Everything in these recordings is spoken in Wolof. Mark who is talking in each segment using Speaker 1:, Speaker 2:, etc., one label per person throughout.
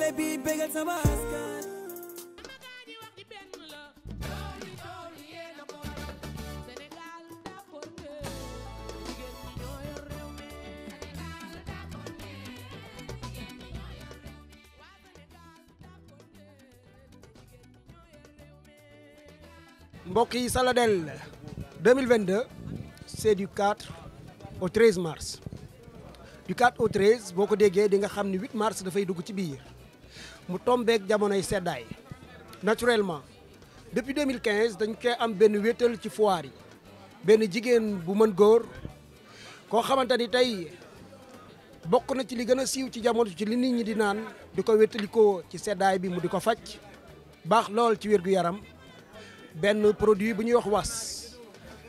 Speaker 1: xale bi bégal sama askan
Speaker 2: mbokk yi Saladel 2022 c'est du 4 au 13 mars du 4 au 13 boo ko déggee di nga xam ni 8 mars dafay dugg ci biir mu tombeek jamonoy seddaay naturellement depuis 2015 dañ koy am benn wétal ci foire yi benn jigéen bu mën góor koo xamante ni tey bokk na ci li gën a siiw ci jamono ci li nit ñi di naan di ko wétalikoo ci seddaay bi mu di ko faj baax lool ci wér-gu-yaram benn produit bu ñuy wax was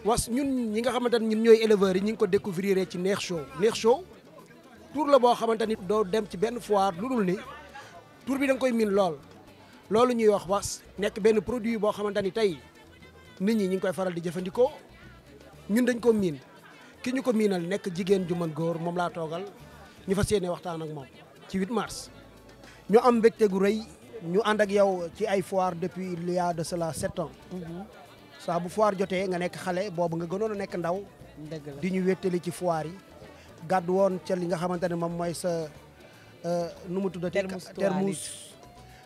Speaker 2: was ñun ñi nga xamante ni ñun ñooy éleveurs yi ñu ngi ko découvrir ci neex show neex show tour la boo xamante ni doo dem ci benn foire lu dul ni tur bi da koy miin lool loolu ñuy wax was nekk benn produit boo xamante ni tey nit ñi ñu ngi koy faral di jëfandikoo ñun dañ ko miin ki ñu ko miinal nekk jigéen ju mën góor moom laa toogal ñu fas yéene waxtaan ak moom ci 8 mars. ñu am mbégte gu rëy ñu ànd ak yow ci ay foir depuis lia y a de cela sept ans. Mhm. saa bu foir jotee nga nekk xale boobu nga gënoon a nekk ndaw. dëgg di ñu wéttali ci foir yi. gàddu woon ca li nga xamante ne moom mooy sa. Euh, nu mu tuddati termus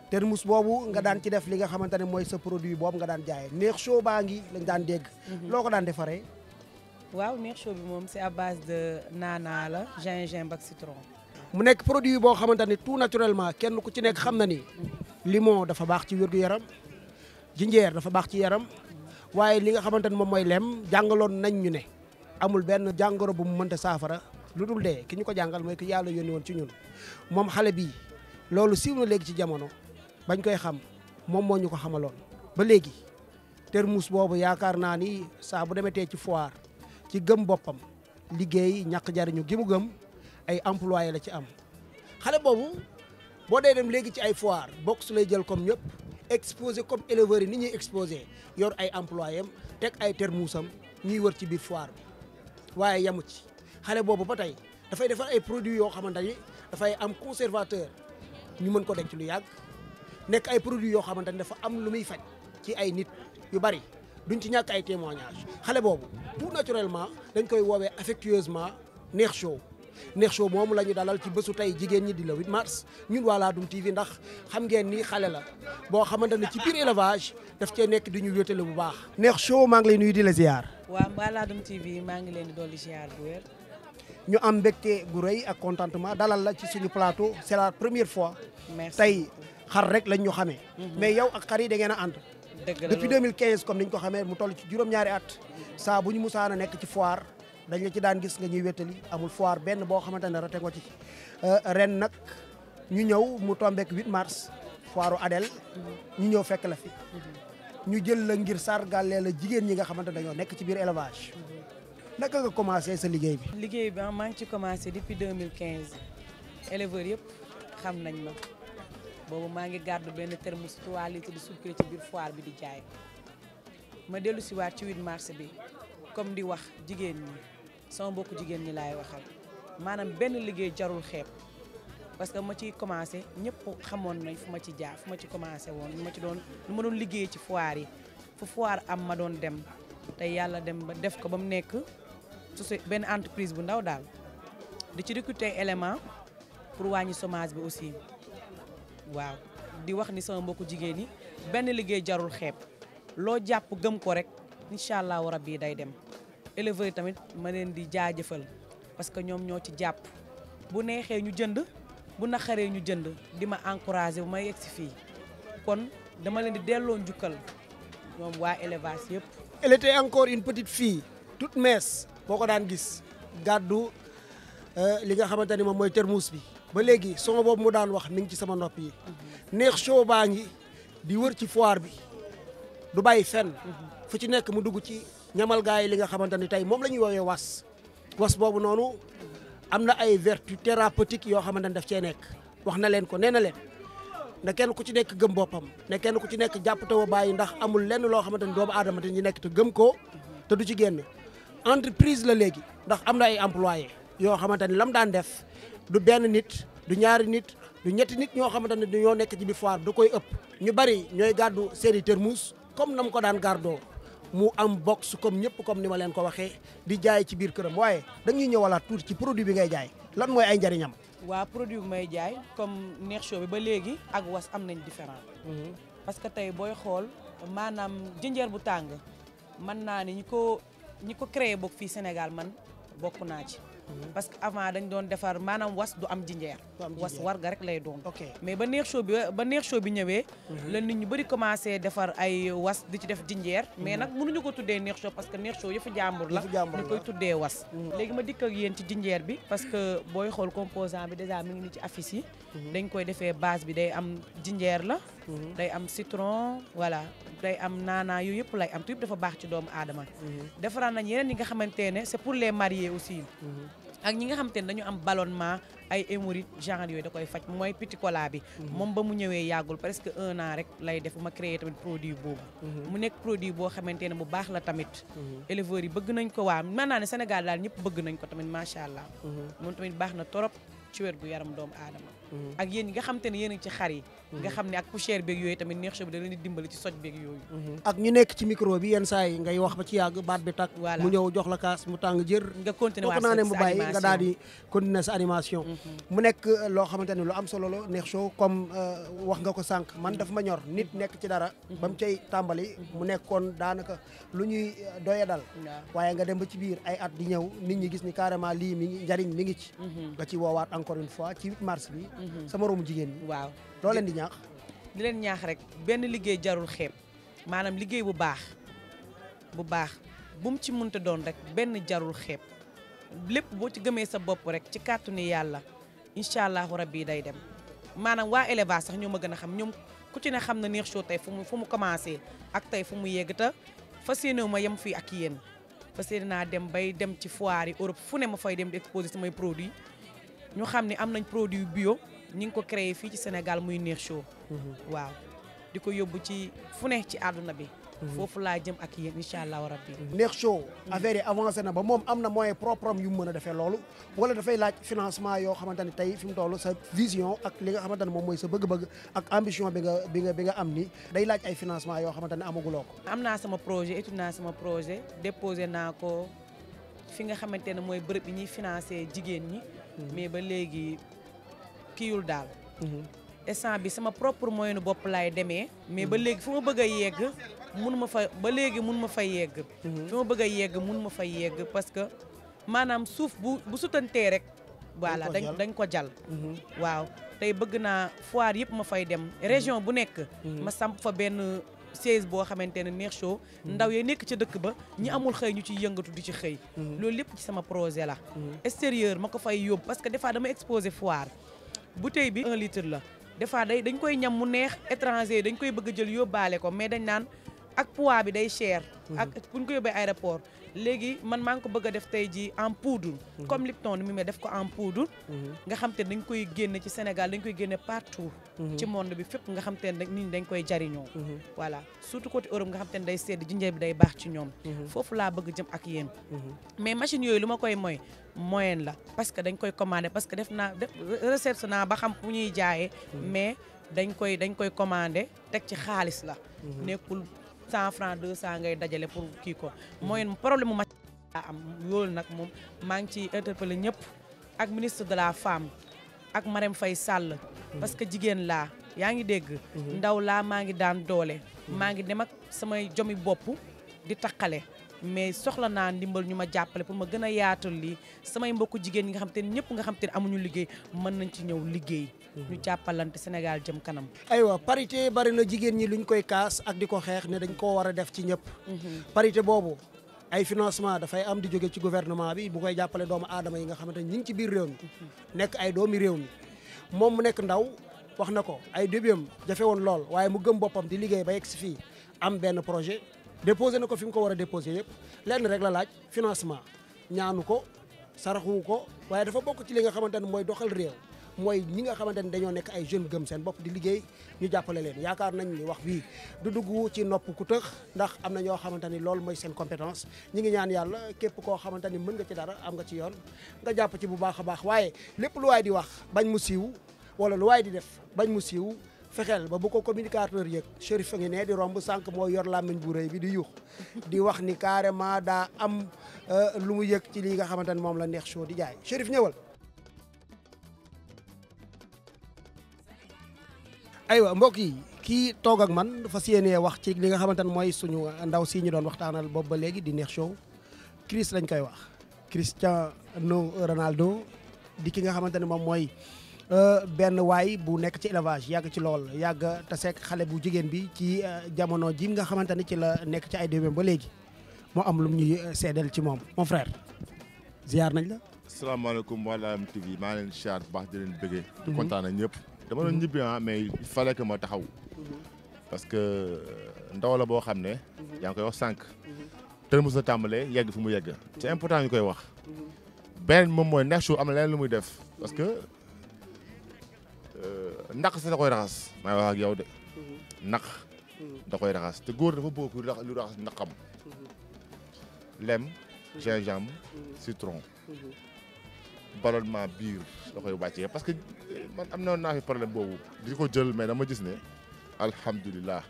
Speaker 2: termus boobu nga daan ci def li nga xamante ne mooy sa produit boobu nga daan jaayee neex chaud baa ngi lañ daan dégg mhm. loo ko daan defaree
Speaker 1: waaw neex bi moom c'est à base de naanaa la gingembre ak citron
Speaker 2: mu nekk produit boo xamante ne tout naturellement kenn ku ci nekk xam na ni limon dafa baax ci wér-gu-yaram jinjeer dafa baax ci yaram waaye li nga xamante ne moom mooy lem jàngaloon nañ ñu ne amul benn jàngoro bu mu mënta saafara lu dul dee ki ñu ko jàngal mooy ki yàlla yónni woon ci ñun moom xale bii loolu siiw na léegi ci jamono bañ koy xam moom moo ñu ko xamaloon ba léegi termus boobu yaakaar naa ni saa bu demetee ci foire ci gëm boppam liggéey ñàkk jariñu gi mu gëm ay employé la ci am xale boobu boo dee dem léegi ci ay bokk su lay jël comme ñëpp exposé comme éleveurs yi ni ñuy exposé yor ay employé am teg ay termusam ñuy wër ci biir foire bi waaye yamu ci xale boobu ba tey dafay defar ay produits yoo xamante ni dafay am conservateur ñu mën ko denc lu yàgg nekk ay produits yoo xamante ni dafa am lu muy faj ci ay nit yu bari duñ ci ñàkk ay témoignages xale boobu tout naturellement dañ koy woowee affectueusement neex show neex show moom la ñu dalal ci bësu tey jigéen ñi di la 8 mars ñun waa Ladoum TV ndax xam ngeen ni xale la boo xamante ne ci biir élevage daf cee nekk di ñu wéetale bu baax. neex show maa ngi lay nuyu di la ziar. waaw waa Ladoum TV maa ngi leen di dolli ziar ñu am mbégte gu rëy ak contentement dalal la ci suñu plateau c'est la première fois. tey xar rek lañ ñu xamee. Mhm. mais yow ak xar yi da ngeen a ànd. depuis 2015 comme ni ñu ko xamee mu toll ci juróom-ñaari at. saa bu ñu musaan a nekk ci foire dañ ci daan gis nga ñuy wétali amul foire benn boo xamante ne rate ko ci. Euh, ren nag ñu ñëw mu tombeek 8 mars foiru Adel mhm. ñu ñëw fekk la fi. Mhm. ñu jël la ngir sargal la jigéen ñi nga xamante dañoo nekk ci biir élevage. naka nga commencé sa liggéey bi.
Speaker 1: liggéey bi ah, maa ngi ci commencé depuis 2015 éleveurs yëpp xam nañ ma boobu maa ngi gàddu benn thermos 3 litres di sucré ci biir foire bi di jaay ma dellu si ci 8 mars bi comme di wax jigéen ñi sama mbokku jigéen ñi laay waxal maanaam benn liggéey jarul xeeb. parce que ma ciy commencé ñëpp xamoon nañ fu ma ci jaar fu ma ci commencé woon lu ma ci doon lu liggéey ci foire yi fu foire am ma doon dem te yàlla dem ba def ko ba mu nekk su benn entreprise bu ndaw daal di ci recruter élément pour wàññi chômage bi aussi waaw di wax ni sama mbokku jigéen ñi benn liggéey jarul xeeb loo jàpp gëm ko rek incha allahu rabbi day dem éleveurs yi tamit ma leen di jaajëfal parce que ñoom ñoo ci jàpp bu neexee ñu jënd bu naqaree ñu jënd di ma encouragé bu ma yegg si fii kon dama leen di delloo njukkal ñoom waa élevage
Speaker 2: yëpp. elle encore une petite fille toute mince boo ko daan gis gàddu euh, li nga xamante ni moom mooy termuus bi ba léegi son boobu mu daan wax ni ngi ci sama nopp yi neex show baa ngi di wër ci foire bi du bàyyi fen mhm. fu ci nekk mu dugg ci ñamal gaa yi li nga xamante ni tey moom la ñuy woowee was was boobu noonu am na ay vertu thérapeutique yoo xamante ni daf cee nekk wax na leen ko nee na leen ne kenn ku ci nekk gëm boppam ne kenn ku ci nekk jàpp taw a bàyyi ndax amul lenn loo xamante ni doomu aadama te ñu nekk gëm ko te du ci génn entreprise la léegi ndax am na ay yoo xamante ni lam daan def du benn nit du ñaari nit du ñetti nit ñoo xamante ne dañoo nekk ci bi foire du koy ëpp ñu bari ñooy gàddu seeni termus comme na mu ko daan gardoo mu am box comme ñëpp comme ni ma leen ko waxee di jaay ci biir këram waaye dañuy ñëwalaat tuuti ci produit bi ngay jaay lan mooy ay njariñam
Speaker 1: waa produit bi may jaay comme neex show bi ba léegi ak was am nañ différent mhm. parce que tey booy xool maanaam jinjeer bu tàng ñi ko créer bokk fii Sénégal man bokk naa ci. parce que avant dañ doon defar maanaam was du am jinjeer was ga rek lay doon mais ba neex show bi ba neex show bi ñëwee mhm. la nit ñu bëri commencé defar ay was di ci def jinjeer mais mhm. nag mënuñu ko tuddee neex show parce que neex show yëfu jàmbur la ñu koy tuddee was mhm. léegi ma dikk ak yéen ci jinjeer bi parce que booy xool composant bi dèjà mi ngi ni ci affiche yi dañ koy defee base bi day am jinjeer la day am citron voilà day am naanaa yooyu yëpp lay am te yëpp dafa baax ci doomu aadama mhm. defaraan nañ yeneen yi nga xamante ne c'est pour les mariés aussi mhm. ak ñi nga xamante ne dañu am ballonnement ay hémorroïdes genre yooyu da koy faj mooy pitikola bi mhm. moom ba mu ñëwee yàggul presque un an rek lay def ma créé tamit produit boobu mu nekk produit boo xamante ne bu baax la tamit éleveurs yi bëgg nañ ko waa mën naa ne Sénégal daal ñëpp bëgg nañ ko tamit macha allah moom tamit baax na torop ci wér gu yaram doomu aadama mhm. ak yéen nga xam te ne yéen a ci xar yi mhm. nga xam ne ak poussière beeg yooyu tamit neex bi da leen di dimbali ci soj beeg yooyu mhm.
Speaker 2: ak ñu nekk ci micro bi yenn yi nga wax ba ci yàgg baat bi tàkk voilà mu ñëw jox la kaas mu tàng jër nga continuer waat naa ne mu bàyyi nga daal di continuer sa animation mu nekk euh, loo xamante ne lu am solo la neex show comme euh, wax nga ko sànq man daf ma ñor nit nekk ci dara ba mu cay tàmbali mu nekkoon daanaka lu ñuy euh, doye dal waaye nga dem ba ci biir ay at di ñëw nit ñi gis ni carrément lii mi ngi njariñ mi ngi ci nga ci woowaat encore fois ci 8 mars bi. Mhm. sa moroomu jigéen ñi. waaw loo leen di ñaax.
Speaker 1: di leen ñaax rek benn liggéey jarul xeeb maanaam liggéey bu baax bu baax bu mu ci mënta doon rek benn jarul xeeb lépp boo ci gëmee sa bopp rek ci kàttu ni yàlla incha allahu rabbi day dem. maanaam waa élevage sax ñoom ma gën a xam ñoom ku ci ne xam na neex Chaud tey fu mu fu mu commencé ak tey fu mu yegg ta fas yéene ma yem fii ak yéen fas yéene naa dem bay dem ci foire yi Europe fu ne ma fay dem di exposer samay ñu xam ni am nañ produit bio ñu ngi ko créé fii ci Sénégal muy
Speaker 2: Neex Show mhm.
Speaker 1: waaw di ko yóbbu ci fu ne ci àdduna bi mhm. foofu laa jëm
Speaker 2: ak yéen incha allahu rabbi Neex Show mhm. affaire yi avancé na ba moom am na moyen propre yu mu mën a defee loolu wala dafay laaj financement yoo xamante ne tey fi mu toll sa vision ak li xamante ne moom mooy sa bëgg-bëgg ak ambition bi nga bi nga bi nga am ni day laaj ay financement yoo xamante ne amaguloo ko
Speaker 1: am naa sama projet étude naa sama projet déposé naa ko fi nga xamante ne mooy bërëb bi ñuy financé jigéen ñi mais ba léegi kiyul daal. Mhm. instant bi sama propre moyenu bopp laay demee. mais ba mhm. léegi fu ma bëgg a yegg munu ma fa ba léegi mun ma fay yegg. Mhm. fi bëgg yegg mun ma fay yegg parce que maanaam suuf bu bu sutantee rek. voilà dañ dañ ko jal waaw tey bëgg naa foir yëpp ma fay dem région bu nekk. ma samp fa benn chaise boo xamante ne neex show mm-hmm. ndaw yee nekk ca dëkk ba ñi amul xëy ñu ci yëngatu di ci xëy mm-hmm. loolu lépp ci sama projet la mm-hmm. extérieur ma ko fay yóbbu parce que defaa fois dama exposé foire bouteille bi un litre la des fois day dañ koy ñam mu neex étranger dañ koy bëgg a jël yóbbaale ko mais dañ naan ak poids bi day cher. Mhm. ak bu ñu ko léegi man maa ngi ko bëgg a def tey jii en poudre. Mhm. comme Lipton ni mu def ko en poudre. Mhm. nga xam teen ne dañ koy génne ci Sénégal dañ koy génne partout. ci monde bi fépp nga xam te ne nit ñi dañ koy jariñoo. voilà surtout côté Europe nga xam te ne day sedd jinjeer bi day baax ci ñoom. foofu laa bëgg jëm ak yéen. mais machine yooyu lu ma koy mooy moyen la parce que dañ koy commandé parce que def naa def recherche naa ba xam fu ñuy jaayee. mais dañ koy dañ koy commandé teg ci xaalis la. nekkul. cent franc deux cent ngay dajale pour kii ko mooy problème mu matériel laa am loolu nag moom maa ngi ciy interpellé ñëpp ak ministre de la femme ak Marème fay Sall parce que jigéen laa yaa ngi dégg mhm. ndaw laa maa ngi daan doole maa ngi dem ak samay jomi bopp di taqale mais soxla naa ndimbal ñu ma jàppale pour ma gën a yaatal lii samay mbokku jigéen ñi nga xam te ne ñëpp nga xam te ne amuñu liggéey mën nañ ci ñëw liggéey mhm. ñu jàppalante Sénégal jëm
Speaker 2: kanam aywa parité bari na jigéen ñi ñu koy kaas ak di ko xeex ne dañ koo war a def ci ñëpp mhm. parité boobu ay financement dafay am di jóge ci gouvernement bi bu koy jàppale doomu aadama yi nga xamante ni ñu ngi ci biir réew mi mhm. nekk ay doomi réew mi moom mu nekk ndaw wax na ko ay début am woon lool waaye mu gëm boppam di liggéey ba si fii am benn projet déposé na ko fi mu ko war a déposé yëpp lenn rek la laaj financement ñaanu ko saraxu ko waaye dafa bokk ci li nga xamante ne mooy doxal réew mooy ñi nga xamante ne dañoo nekk ay jeunes gëm seen bopp di liggéey ñu jàppale leen yaakaar nañ ni wax bii du dugg ci nopp ku tëx ndax am na ñoo xamante ni loolu mooy seen compétence ñi ngi ñaan yàlla képp koo xamante ni mën nga ci dara am nga ci yoon nga jàpp ci bu baax a baax waaye lépp lu waay di wax bañ mu siiw wala lu waay di def bañ mu siiw fexeel ba bu ko communicateur yëg Chérif a ngi ne di romb sànq mooy yor làmmiñ bu rëy bi di yuux di wax ni carrément daa am euh, lu mu yëg ci li nga xamante ne moom la neex show di jaay nga ñëwal. aywa mbokk yi kii toog ak man fas yéenee wax ci li nga xamante ne mooy suñu ndaw si ñu doon waxtaanal boobu ba léegi di neex show Chris lañ koy wax Cristiano Ronaldo di ki nga xamante ne moom mooy. Euh, benn waay bu nekk ci élevage yàgg ci lool yàgg te seek xale bu jigéen bi ci euh, jamono ji nga xamante ne ci la nekk ci ay déwén ba léegi moo am lu ñuy euh, seedeel ci moom mon frère ziar nañ la.
Speaker 3: asalaamaaleykum waa Ladoum TV maa leen ziar bëggee. di mhm. kontaan nañ ñëpp. dama doon mhm. ñibbi ah, mais il fallait taxaw. Mhm. parce que ndaw boo xam ne. yaa ngi koy wax sànq. teel mos a tàmbalee yegg fu mu yegg. c'est important ñu koy wax. beneen moom mooy su am na leneen lu muy def parce que. ndax sa da koy raxas may wax ak yow de mm-hmm. ndax mm-hmm. da koy raxas te góor dafa bëgg lu raxas ndaxam mm-hmm. lem gingembre citron ballonnement biir da koy wàccee parce que eh, man am na naa fi boobu di ko jël mais dama gis ne alhamdulilah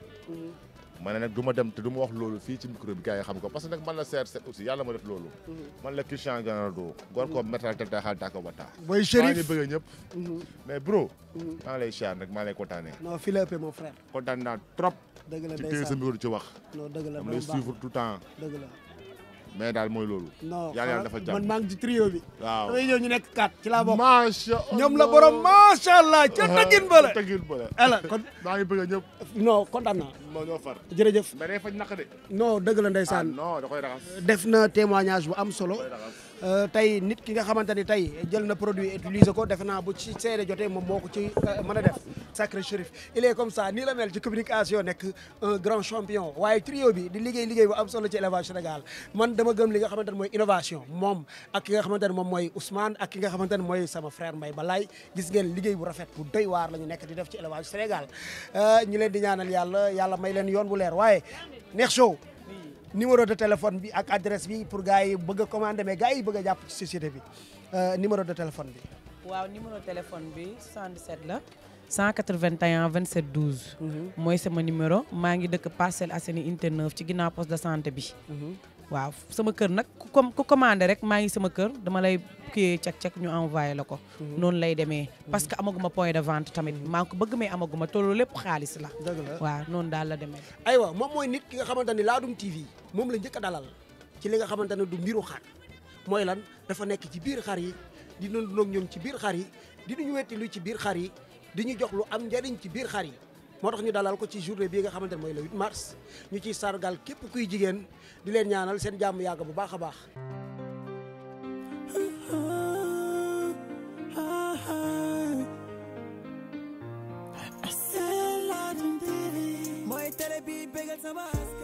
Speaker 3: ma ne nag ma dem te du ma wax loolu fii ci micro bi gars yi xam ko parce que nag man la CR7 aussi yàlla ma def loolu. Mhm. man la Christian Ronaldo. góor ko métal tel taxal daa ko wataa. mooy Chérif mhm. mais bro. Mhm. maa lay siyaar nag maa lay kontaanee.
Speaker 2: non fii la ëppee naa trop. ci téye sa micro ci wax. non dëgg la dama lay suivre tout temps. dëgg la.
Speaker 3: mais daal mooy loolu. yàlla yàlla dafa jàmm man maa ngi ci trio bi. waaw
Speaker 2: ñu nekk quatre ci laa bokk. macha allah ñoom la macha allah. ca tëggin bële tëggin bële. ala eh kon maa ngi bëgg a ñëpp. non kontaan naa. moo ñoo far jërëjëf. mais day faj naq de. noo dëgg la ndeysaan. Ah, non da koy raxas. def na témoignage bu am solo. Euh, tey nit ki nga xamante ni tey jël na produit utiliser ko defe naa bu ci seede jotee moom moo ko ci euh, mën a def sacré chérif il est comme ça nii la mel ci communication nekk un grand champion waaye trio bi di liggéey liggéey bu am solo ci élevage Sénégal man dama gëm li nga xamante ne mooy innovation moom ak ki nga xamante ne moom mooy Ousmane ak ki nga xamante ne mooy sama frère mbay Balaye gis ngeen liggéey bu rafet bu doy waar la ñu nekk di def ci élevage Sénégal euh, ñu leen di ñaanal yàlla yàlla may leen yoon bu leer waaye neex show numéro de téléphone bi ak adresse bi pour gars yi bëgg a commandé mais gars yi bëgg a jàpp ci société bi euh, numéro de téléphone bi.
Speaker 1: waaw numéro téléphone bi 77 la.
Speaker 2: 181
Speaker 1: 27 12. mooy sama numéro maa ngi dëkk Parcelles Assainies unité 9 ci ginna poste de santé bi. Mhm. waaw sama kër nag ku com ku commandé rek maa ngi sama kër dama lay kii cek cak ñu envoyé la ko mhm. noonu lay demee mhm. parce que amaguma point de vente tamit mhm. maa ngi ko bëgg mais amaguma
Speaker 2: tolloo lépp xaalis la waaw noonu daal la demee aywa moom mooy nit ki nga xamante ne Ladoum TV moom la njëkk dalal ci li nga xamante ne du mbiru xar mooy lan dafa nekk ci biir xar yi di dund ak ñoom ci biir xar yi di ñu wetti lu ci biir xar yi di ñu jox lu am njëriñ ci biir xar yi moo tax ñu dalal ko ci journée bii nga xamante ne mooy le mars ñu ciy sargal képp kuy jigéen di leen ñaanal seen jàmm yàgg bu baax a baax.
Speaker 1: mooy télé